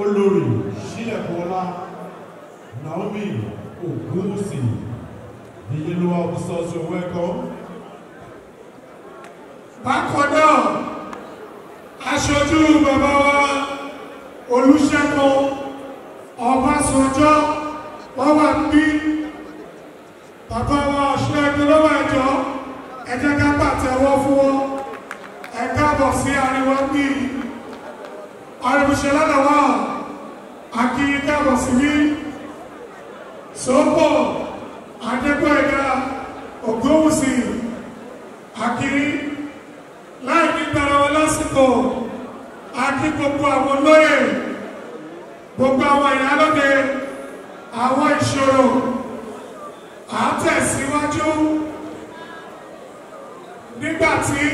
olórí sílẹ̀kọ́lá naomi ogunwusi the yellow officers you welcome. bákan náà aṣojú bàbá wa olùṣègùn ọbásanjọ́ wọ́n wà níbí bàbá wa ṣẹ́gun lọ́wọ́ ẹ̀jọ́ ẹ ká pàtẹ́wọ́ fún wọn ẹ káàbọ̀ sí ariwo bíi àrùbùsọ̀lá làwà àkìyíká wàsíwí sọ́pọ̀ àdẹ́gbọ̀ẹ̀dá ògbówùsì àkìrí láì ní gbàrà wọn lásìkò àti gbogbo àwọn lóyè gbogbo àwọn ìyálóde àwọn ìṣòro àtẹ̀síwájú nígbà tí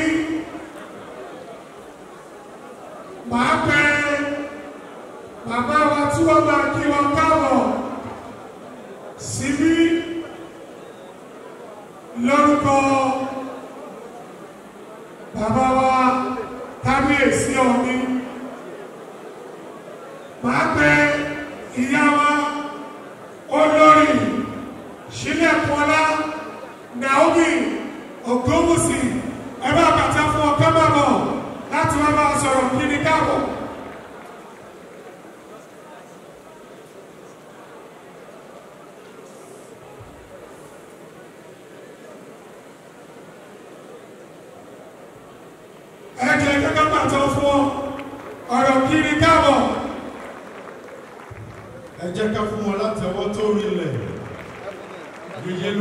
màá pẹ́ túbọ̀ máa kí wọn káàbọ̀ síbí lórúkọ bàbá wa kábíyèsí ọ̀hún.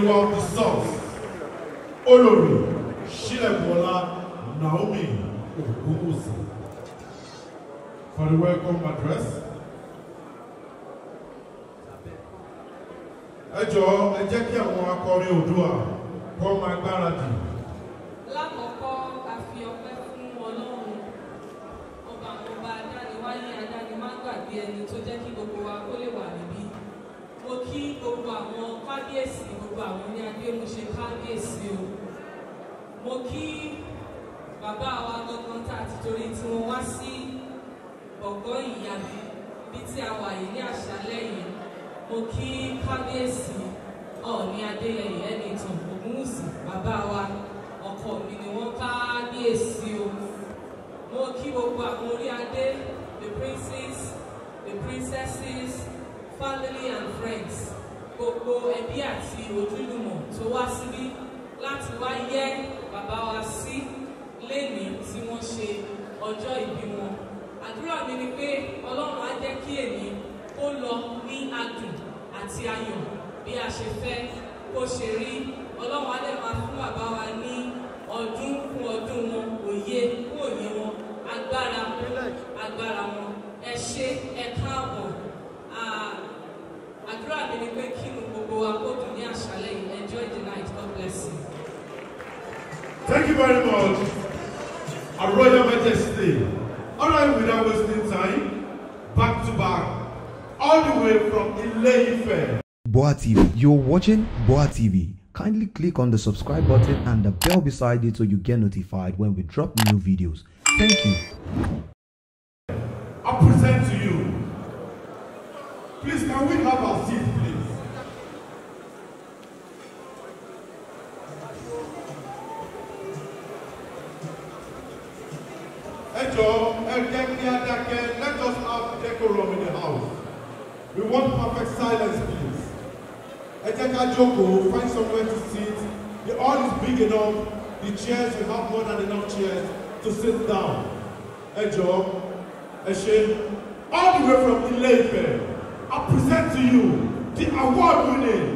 of the Sons, Olori Shilebuola Naomi Ogunwusi. For the welcome address, ẹ jọ̀ọ́ ẹ jẹ́ kí àwọn akọrin Oòduà kọ́ máa gbáradì. lákọ̀ọ́kọ́ a fi ọpẹ́ fún Ọlọ́run ọba àwọn ọba adániwáyé adánimágbàgbé ẹni tó jẹ́ kí gbogbo wa kó lè wà ní mo kí gbogbo àwọn kábíyèsí gbogbo àwọn ní adémúṣe kábíyèsí o mo kí bàbá wa gangan tá a ti torí tí wọ́n wá sí gbọ̀ngàn ìyá bí tí a wà yìí ní àṣálẹ́ yìí mo kí kábíyèsí ọ̀ọ̀ni adéyẹyẹ ẹnìtàn ògúnwùsì bàbá wa ọkọ mi ni wọ́n kábíyèsí o mo kí gbogbo àwọn orí adé the princes the princesses family and friends gbogbo ẹbí àti ojúlùmọ̀ tó wá síbí láti wá yẹ́ bàbá wa sí lénìí tí wọ́n ṣe ọjọ́ ìbí wọn àdúrà mi ni pé ọlọ́run á jẹ́ kí èmi kó lọ ní adùn àti ayọ̀ bí a ṣe fẹ́ kó ṣe rí ọlọ́run á dẹ̀ máa fún bàbá wa ní ọdún kún ọdún wọn òye kún òye wọn agbára agbára wọn ẹ ṣé. Thank you very much. I Royal Majesty. Alright, without wasting time, back to back, all the way from ile Boa TV. You're watching Boa TV. Kindly click on the subscribe button and the bell beside it so you get notified when we drop new videos. Thank you. I present to you. Please, can we have a seat? silence, please. Ẹ jẹ́ ká jókòó, find somewhere to sit. The hall is big enough. The chairs, we have more than enough chairs to sit down. Ẹ jọ̀ọ́, ẹ ṣé. All the way from Ile-Ife, I present to you the award-winning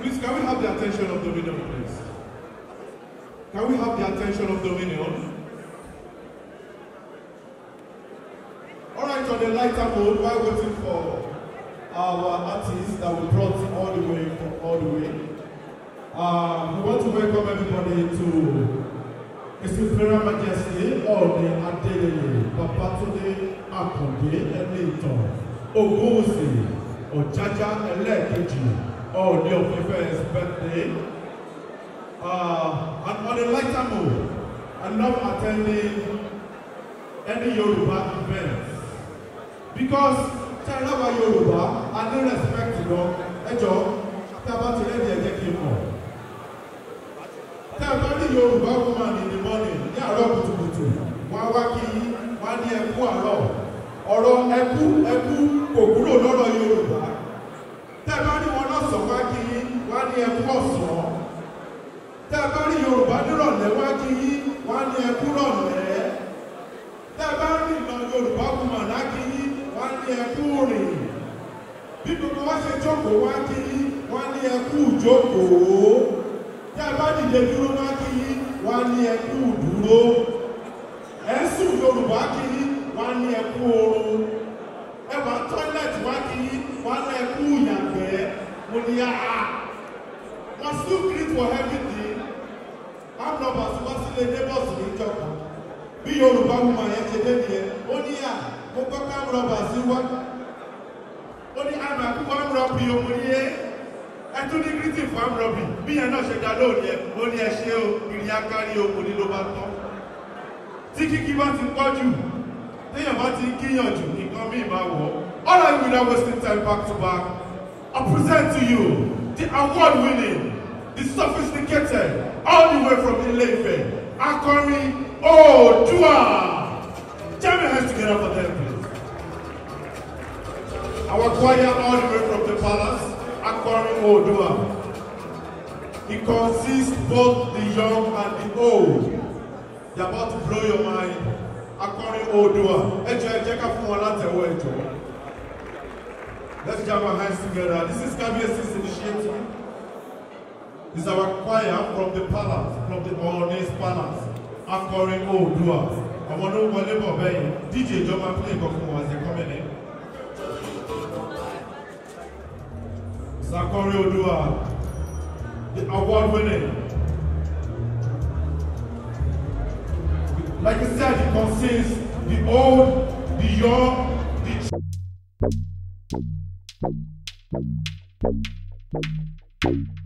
Please, can we have the attention of the winner, please? Can we have the attention of the Dominion? Alright, on the lighter mode. while waiting for our artists that we brought all the way from all the way, uh, we want to welcome everybody to His Imperial Majesty Ọ̀ọ̀ni Adéyẹyẹ Babátúndé Àkàndé Ẹlẹ́ìtàn Ògúnwùsì Ọ̀jájá Ẹlẹ́ẹ̀kejì Ọ̀ọ̀ni of Ife's birthday. Uh, and on a lighter note, I love attending any Yoruba events because tí Yoruba, I do respect lọ ẹjọ a job ti rẹ́ẹ̀dì ẹ̀jẹ̀ kí n mọ̀ tí a bá Yoruba woman in the morning they are up to á wá kí yín wọ́n á ní ẹkú àárọ̀ ọ̀rọ̀ ẹkú ẹkú kò kúrò lọ́rọ̀ Yorùbá tí a bá ní wọn yorùbá nírọ̀lẹ́ wá kí yí wá ní ẹkú rọ̀lẹ́ tẹ́ bá rìn lọ yorùbá kùmọ̀ lákì yí wá ní ẹkú rìn bí gbogbo wá ṣe jókòó wá kí yí wá ní ẹkú jókòó tẹ́ bá dìde dúró wá kí yí wá ní ẹkú dúró ẹ̀ ń sùn yorùbá kí yí wá ní ẹkú oorun wà tọ́lẹ̀tì wá yí wá ní ẹkú mo ní greet for everything handovers wá sílé neighbors níjọ kan bí yorùbá wùmà yẹn ṣe dé nìyẹn ó ní à mo gbọ́ handovers wá ó ní àmì àkókò handrobì òun ní yẹn ẹ tún ní greeting for handrobì bí yẹn náà ṣe dá lónìí ẹ ó ní ẹ ṣe o ìrìn akárí òun ní ló bá tán tí kíkí bá ti pọ̀ jù téèyàn bá ti kíyàn jù nǹkan míì máa wọ̀ all right we now wasting time back to back I present to you the award winning the sophisticated, all the way from Ilefe, Akomi Odua. Jam your hands together for them, please. Our choir, all the way from the palace, Akomi Odua. It consists both the young and the old. They're about to blow your mind. Akọrin Oòduà. Let's jam our hands together. This is Kabiyesi's initiative is our choir from the palace from the Oronese palace akọrin oòdùà ọmọ ló ń wọlé bọ̀ dj ìjọba play nǹkan fún wa ṣe kọ́mẹ́ ní. sakọrin oòdùà the award winner. Like I said, it consists the old, the young, the. Thank you.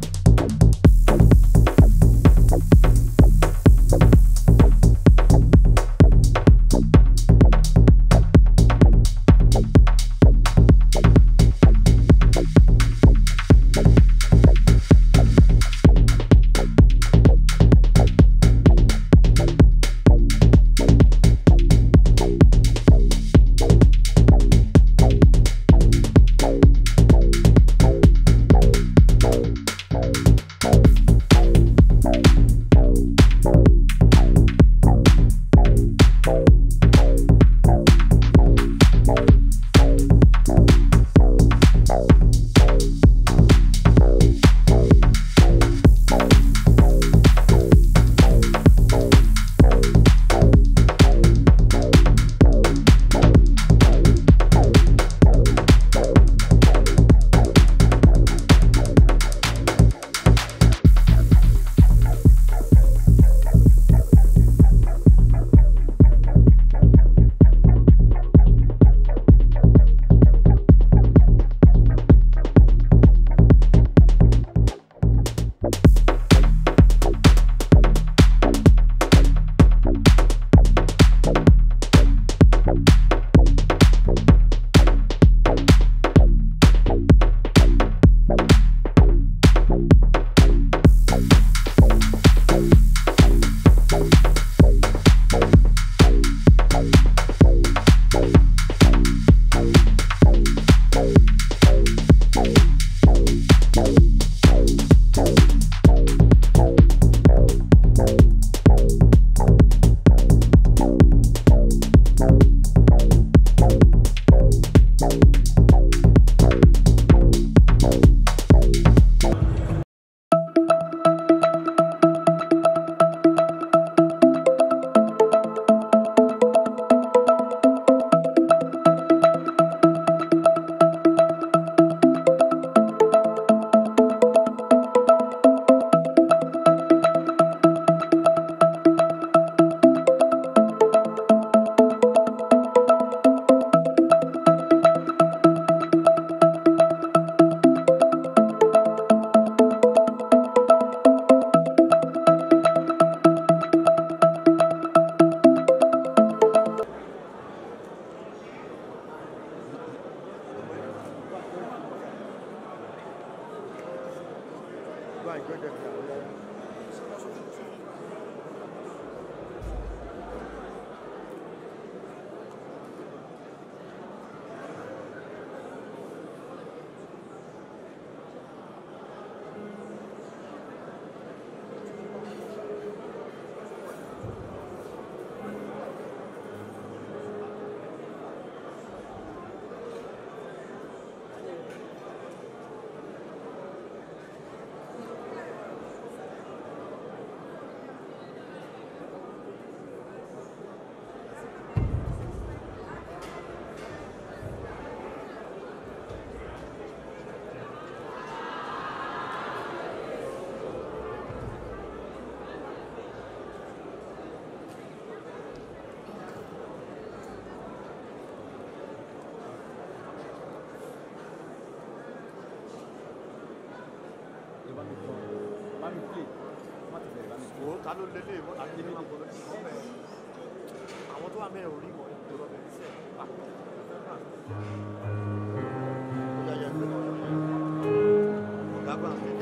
jọ bá mi kọ bá mi play má ti bẹ̀rẹ̀ bá mi kọ. ta ló lélẹ̀ mọ́ àti èmi máa gbọ́dọ̀ sí ọ̀bẹ àwọn tó wà mẹ́ orí wọn tó lọ sí ẹ̀ ọ̀gá gbà mí.